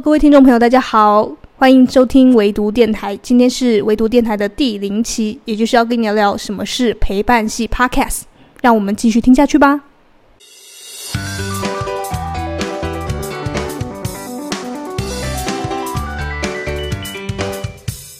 各位聽眾朋友，大家好，歡迎收聽微讀電台。今天是微讀電台的第零期，也就是要跟你聊聊什麼是陪伴系 Podcast。讓我們繼續聽下去吧。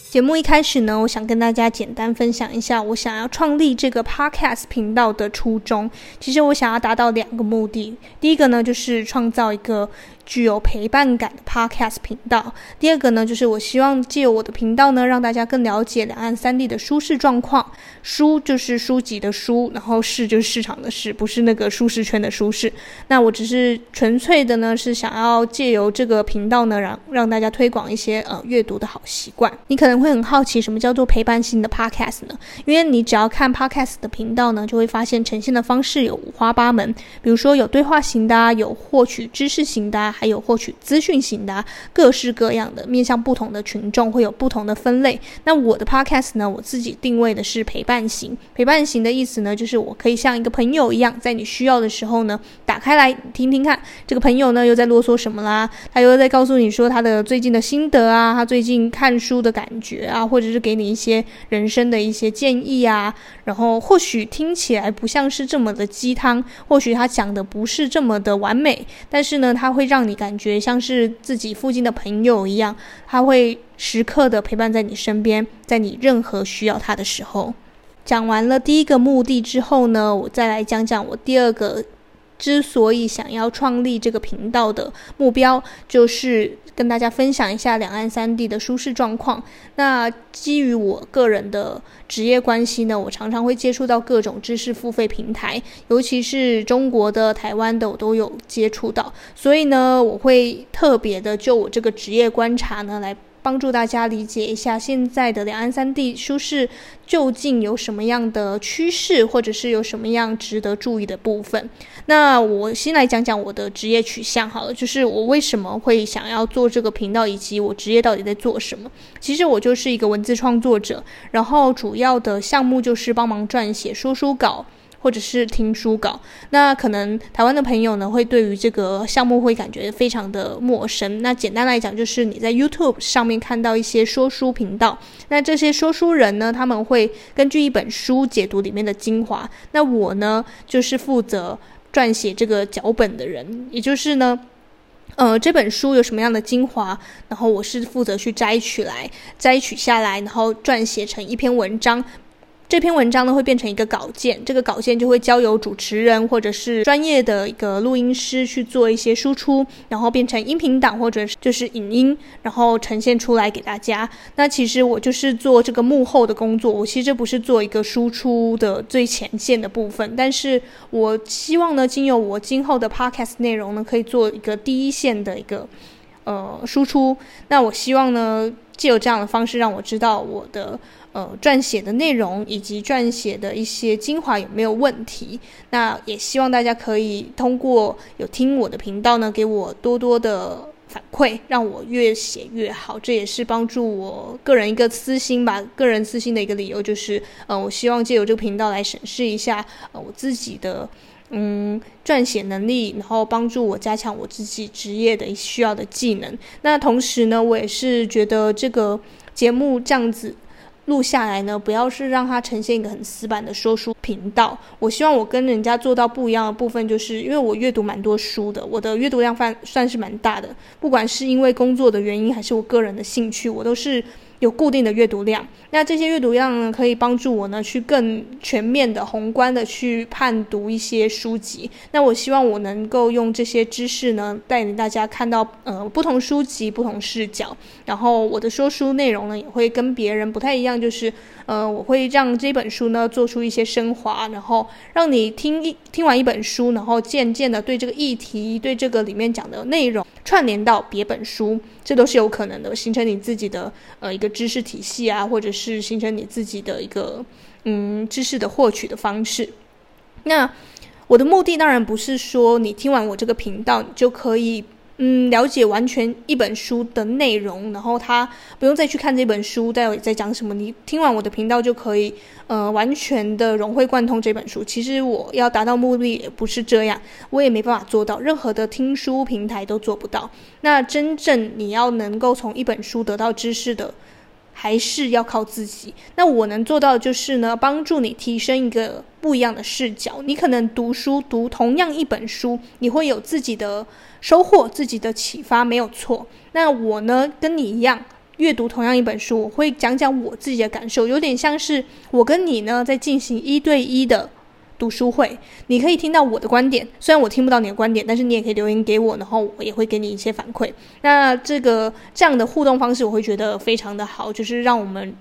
節目一開始呢，我想跟大家簡單分享一下我想要創立這個 Podcast 頻道的初衷。其實我想要達到兩個目的，第一個呢就是創造一個，具有陪伴感的 podcast 頻道。第二個呢，就是我希望借由我的頻道呢，讓大家更了解兩岸三地的書市狀況。書就是書籍的書，然後市就是市場的市，不是那個舒適圈的舒適。那我只是純粹的呢，是想要借由這個頻道呢，讓讓大家推廣一些呃閱讀的好習慣。你可能會很好奇，什麼叫做陪伴系的 podcast 呢？因為你只要看 podcast 的頻道呢，就會發現呈現的方式有五花八門，比如說有對話型的，啊，有獲取知識型的。啊。還有獲取資訊型的啊，各式各樣的，面向不同的群眾會有不同的分類。那我的 podcast 呢？我自己定位的是陪伴型。陪伴型的意思呢，就是我可以像一個朋友一樣，在你需要的時候呢，打開來聽聽看。這個朋友呢，又在囉嗦什麼啦？他又在告訴你說他的最近的心得啊，他最近看書的感覺啊，或者是給你一些人生的一些建議啊。然後或許聽起來不像是這麼的雞湯，或許他講的不是這麼的完美，但是呢，他會讓。你感覺像是自己附近的朋友一樣，他會時刻的陪伴在你身邊，在你任何需要他的時候。講完了第一個目的之後呢，我再來講講我第二個。之所以想要創立這個頻道的目標，就是跟大家分享一下兩岸三地的書市狀況。那基於我個人的職業關係呢，我常常會接觸到各種知識付費平台，尤其是中國的、台灣的，我都有接觸到。所以呢，我會特別的就我這個職業觀察呢來。幫助大家理解一下現在的兩岸三地書市究竟有什麼樣的趨勢，或者是有什麼樣值得注意的部分。那我先來講講我的職業取向好了，就是我為什麼會想要做這個頻道，以及我職業到底在做什麼。其實我就是一個文字創作者，然後主要的項目就是幫忙撰寫聽書稿。或者是聽書稿，那可能台灣的朋友呢，會對於這個項目會感覺非常的陌生。那簡單來講，就是你在 YouTube 上面看到一些說書頻道，那這些說書人呢，他們會根據一本書解讀裡面的精華。那我呢，就是負責撰寫這個腳本的人，也就是呢，呃，這本書有什麼樣的精華，然後我是負責去摘取來、摘取下來，然後撰寫成一篇文章。這篇文章呢，會變成一個稿件，這個稿件就會交由主持人或者是專業的一個錄音師去做一些輸出，然後變成音頻檔或者是就是影音，然後呈現出來給大家。那其實我就是做這個幕後的工作，我其實這不是做一個輸出的最前線的部分，但是我希望呢，經由我今後的 podcast 內容呢，可以做一個第一線的一個呃輸出。那我希望呢，藉由這樣的方式，讓我知道我的。呃，撰寫的內容以及撰寫的一些精華有沒有問題？那也希望大家可以通過有聽我的頻道呢，給我多多的反饋，讓我越寫越好。這也是幫助我個人一個私心吧，個人私心的一個理由就是，呃，我希望借由這個頻道來審視一下呃我自己的嗯撰寫能力，然後幫助我加強我自己職業的需要的技能。那同時呢，我也是覺得這個節目這樣子。錄下來呢，不要是讓它呈現一個很死板的說書頻道。我希望我跟人家做到不一樣的部分，就是因為我閱讀蠻多書的，我的閱讀量算算是蠻大的。不管是因為工作的原因，還是我個人的興趣，我都是。有固定的閱讀量，那這些閱讀量呢，可以幫助我呢去更全面的、宏觀的去判讀一些書籍。那我希望我能夠用這些知識呢，帶領大家看到呃不同書籍、不同視角。然後我的說書內容呢，也會跟別人不太一樣，就是呃我會讓這本書呢做出一些升華，然後讓你聽一聽完一本書，然後漸漸的對這個議題、對這個裡面講的內容串聯到別本書，這都是有可能的，形成你自己的呃一個。知識體系啊，或者是形成你自己的一個嗯知識的獲取的方式。那我的目的當然不是說你聽完我這個頻道，你就可以嗯了解完全一本書的內容，然後他不用再去看這本書，在在講什麼。你聽完我的頻道就可以呃完全的融會貫通這本書。其實我要達到目的也不是這樣，我也沒辦法做到，任何的聽書平台都做不到。那真正你要能夠從一本書得到知識的，還是要靠自己。那我能做到的就是呢，幫助你提升一個不一樣的視角。你可能讀書讀同樣一本書，你會有自己的收穫、自己的啟發，沒有錯。那我呢，跟你一樣閱讀同樣一本書，我會講講我自己的感受，有點像是我跟你呢在進行一對一的。讀書會，你可以聽到我的觀點，雖然我聽不到你的觀點，但是你也可以留言給我，然後我也會給你一些反饋。那這個這樣的互動方式，我會覺得非常的好，就是讓我們。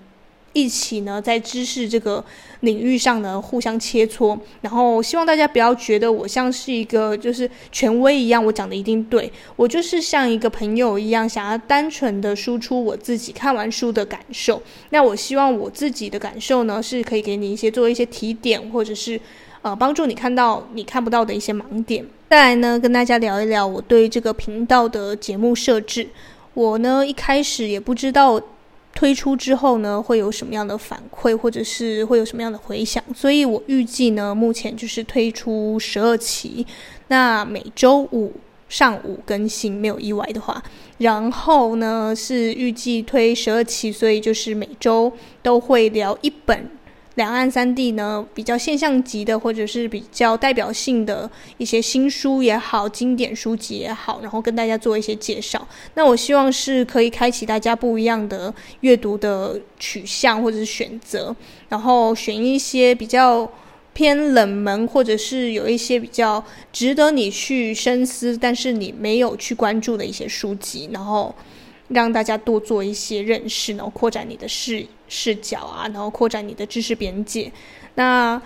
一起呢，在知識這個領域上呢，互相切磋。然後希望大家不要覺得我像是一個就是權威一樣，我講的一定對。我就是像一個朋友一樣，想要單純的輸出我自己看完書的感受。那我希望我自己的感受呢，是可以給你一些、做一些提點，或者是呃幫助你看到你看不到的一些盲點。再來呢，跟大家聊一聊我對這個頻道的節目設置。我呢，一開始也不知道。推出之後呢，會有什麼樣的反饋，或者是會有什麼樣的回響？所以我預計呢，目前就是推出十二期，那每周五上午更新，沒有意外的話，然後呢是預計推十二期，所以就是每周都會聊一本。兩岸三地呢，比較現象級的或者是比較代表性的一些新書也好，經典書籍也好，然後跟大家做一些介紹。那我希望是可以開啟大家不一樣的閱讀的取向或者是選擇，然後選一些比較偏冷門或者是有一些比較值得你去深思，但是你沒有去關注的一些書籍，然後。讓大家多做一些認識，然後擴展你的視視角啊，然後擴展你的知識邊界。那。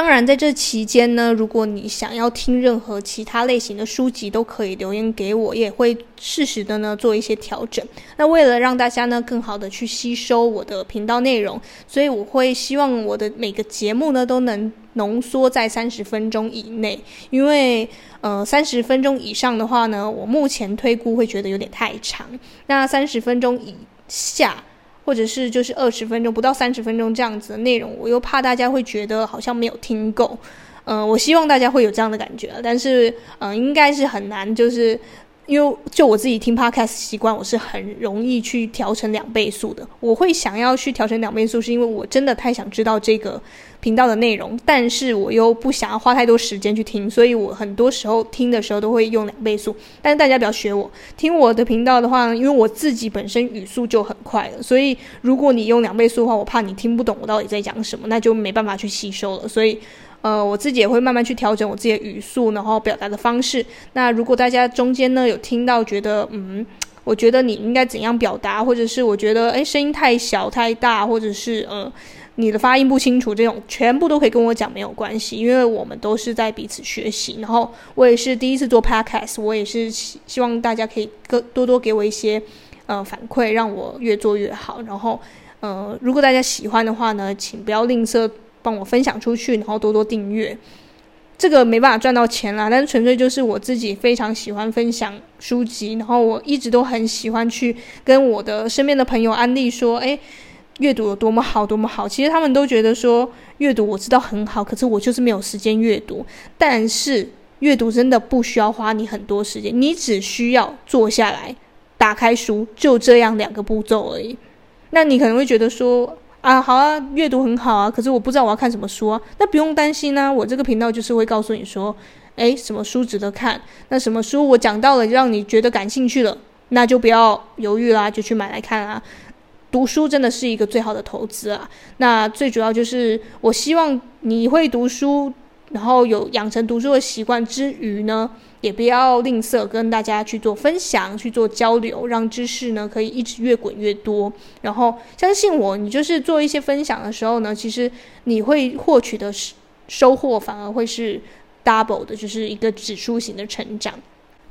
當然，在這期間呢，如果你想要聽任何其他類型的書籍，都可以留言給我，也會適時的呢做一些調整。那為了讓大家呢更好的去吸收我的頻道內容，所以我會希望我的每個節目呢都能濃縮在三十分鐘以內，因為呃三十分鐘以上的話呢，我目前推估會覺得有點太長。那三十分鐘以下。或者是就是二十分鐘不到三十分鐘這樣子的內容，我又怕大家會覺得好像沒有聽夠，嗯、呃，我希望大家會有這樣的感覺，但是嗯、呃，應該是很難就是。因為就我自己聽 Podcast 習慣，我是很容易去調成兩倍速的。我會想要去調成兩倍速，是因為我真的太想知道這個頻道的內容，但是我又不想要花太多時間去聽，所以我很多時候聽的時候都會用兩倍速。但是大家不要學我，聽我的頻道的話，因為我自己本身語速就很快了，所以如果你用兩倍速的話，我怕你聽不懂我到底在講什麼，那就沒辦法去吸收了。所以。呃，我自己也會慢慢去調整我自己的語速，然後表達的方式。那如果大家中間呢，有聽到覺得嗯，我覺得你應該怎樣表達，或者是我覺得誒，聲音太小太大，或者是嗯、呃、你的發音不清楚這種，全部都可以跟我講，沒有關係，因為我們都是在彼此學習。然後我也是第一次做 podcast，我也是希望大家可以多多給我一些呃反饋，讓我越做越好。然後呃，如果大家喜歡的話呢，請不要吝嗇。幫我分享出去，然後多多訂閱，這個沒辦法賺到錢啦，但是純粹就是我自己非常喜歡分享書籍，然後我一直都很喜歡去跟我的身邊的朋友安利說：“誒，閱讀有多麼好，多麼好！”其實他們都覺得說閱讀我知道很好，可是我就是沒有時間閱讀。但是閱讀真的不需要花你很多時間，你只需要坐下來，打開書，就這樣兩個步驟而已。那你可能會覺得說，啊，好啊，閱讀很好啊，可是我不知道我要看什麼書啊。那不用擔心呢、啊，我這個頻道就是會告訴你說，哎，什麼書值得看？那什麼書我講到了讓你覺得感興趣了，那就不要猶豫啦、啊，就去買來看啊。讀書真的是一個最好的投資啊。那最主要就是，我希望你會讀書，然後有養成讀書的習慣之餘呢。也不要吝嗇，跟大家去做分享，去做交流，讓知識呢可以一直越滾越多。然後相信我，你就是做一些分享的時候呢，其實你會獲取的收穫反而會是 double 的，就是一個指數型的成長。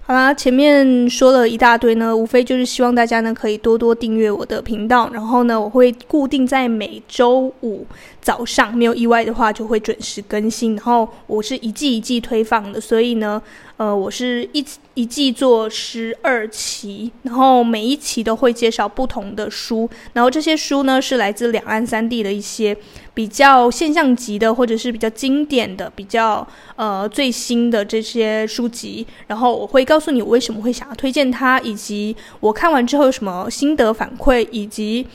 好啦，前面說了一大堆呢，無非就是希望大家呢可以多多訂閱我的頻道，然後呢，我會固定在每週五早上，沒有意外的話就會準時更新。然後我是一季一季推放的，所以呢，呃，我是一一季做十二期，然後每一期都會介紹不同的書，然後這些書呢是來自兩岸三地的一些。比較現象級的，或者是比較經典的、比較呃最新的這些書籍，然後我會告訴你我為什麼會想要推薦它，以及我看完之後有什麼心得反饋，以及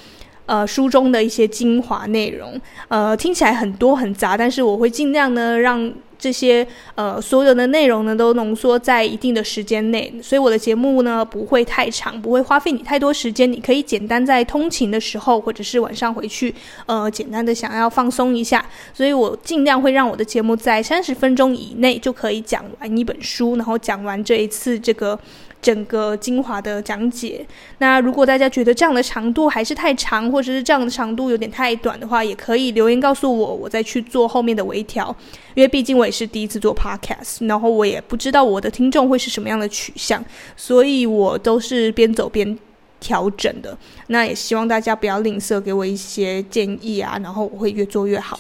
呃書中的一些精華內容。呃，聽起來很多很雜，但是我會盡量呢讓。這些呃，所有的內容呢，都濃縮在一定的時間內，所以我的節目呢，不會太長，不會花費你太多時間。你可以簡單在通勤的時候，或者是晚上回去，呃，簡單的想要放鬆一下，所以我盡量會讓我的節目在三十分鐘以內就可以講完一本書，然後講完這一次這個。整個精華的講解。那如果大家覺得這樣的長度還是太長，或者是這樣的長度有點太短的話，也可以留言告訴我，我再去做後面的微調。因為畢竟我也是第一次做 podcast，然後我也不知道我的聽眾會是什麼樣的取向，所以我都是邊走邊調整的。那也希望大家不要吝嗇給我一些建議啊，然後我會越做越好。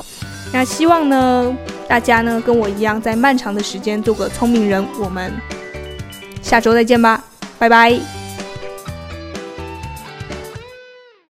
那希望呢，大家呢，跟我一樣，在漫長的時間做個聰明人。我們。下周再見吧，拜拜。